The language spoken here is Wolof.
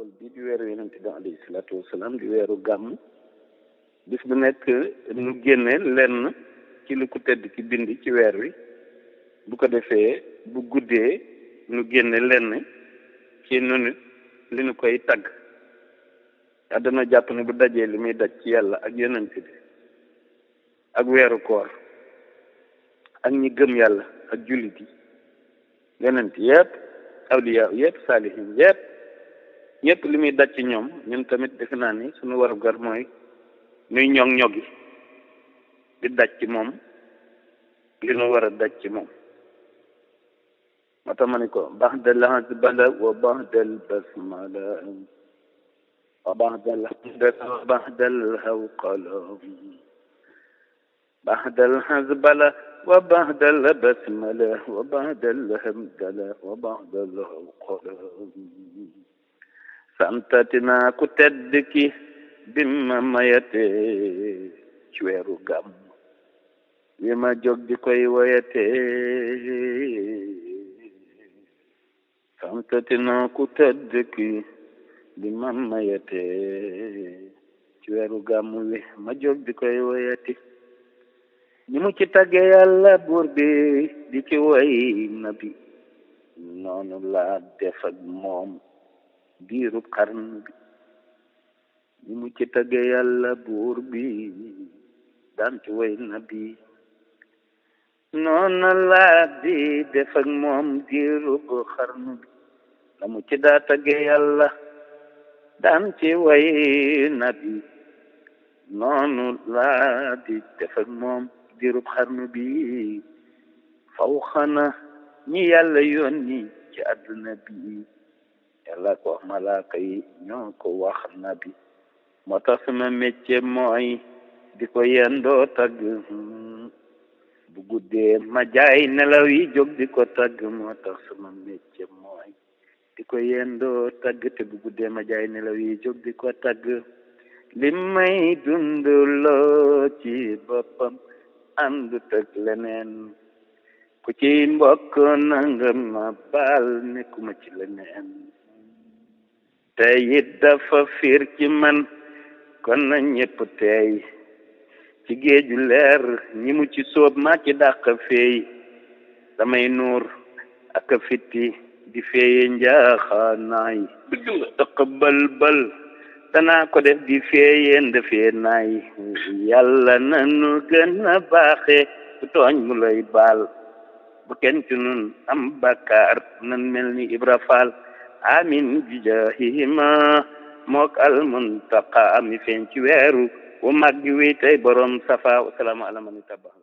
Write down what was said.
awal bi di weeru yonent bi alayhi salaatu wasalaam di weeru gàmm bis bu nekk nu génne lenn ci li ku tedd ki bind ci weer wi bu ko defee bu guddee nu génne lenn ci nunu li nu koy tagg àddana jàpp ne bu dajee li muy daj ci yàlla ak yonent bi ak weeru koor ak ñi gëm yàlla ak jullit yi yonent yépp awliya yépp saalihin yépp ñëpp li muy daj ci ñoom ñun tamit defe naa ni sunu warugar mooy nuy ñog ñogi di daj moom li nu war a daj ci moom moo tax ma ni ko baax de wa baax del basmala wa baax del wa wa baax del basmala wa santati naa ku tedd ki bi ma mayate ci weeru gàmm wi ma jóg di koy woyate santati naa ku tedd ki bi ma mayate ci weeru gàmm wi ma jóg di koy woyati ni mu ci tagge yàlla buur bi di ci woy nabi noonu laa def ak moom giirub xarn bi mu ci tagge yàlla buur bi daan ci way nabi noona laa di def ak moom giirub xarn bi la ci daa tagge yàlla daan ci way nabi noonu laa di def ak moom giirub xarn bi faw xana ñi yàlla yónni ci àdduna bi yàlla ko wax malaaka yi ñoo ko wax nabi moo tax sama mécce mooy di ko yendoo tagg bu ma jaay nelaw yi jóg di ko tagg moo tax sama mécce mooy di ko yendoo tagg te bu ma jaay nelaw yi jóg di ko tagg li may ci boppam àndu tëg leneen ko ci mbokk nanga ma baal nekkuma ci leneen tey it dafa fiir ci man kon nañ ñépp tey ci géeju leer ñi mu ci sóob ma ci dàq feey samay nuur ak fitti di feeye njaaxaanaay taqabal bal danaa ko def di feeyeen dafee naay yàlla nanu gën a baaxe bu tooñ mu lay baal bu kenn ci nun am bàkkaar nan mel ni Ibra Faal amin bi jaahihima mook al muntaqa ami feeñ ci weeru wu mag gi wi tey borom safa wa salaamu ala man ittaba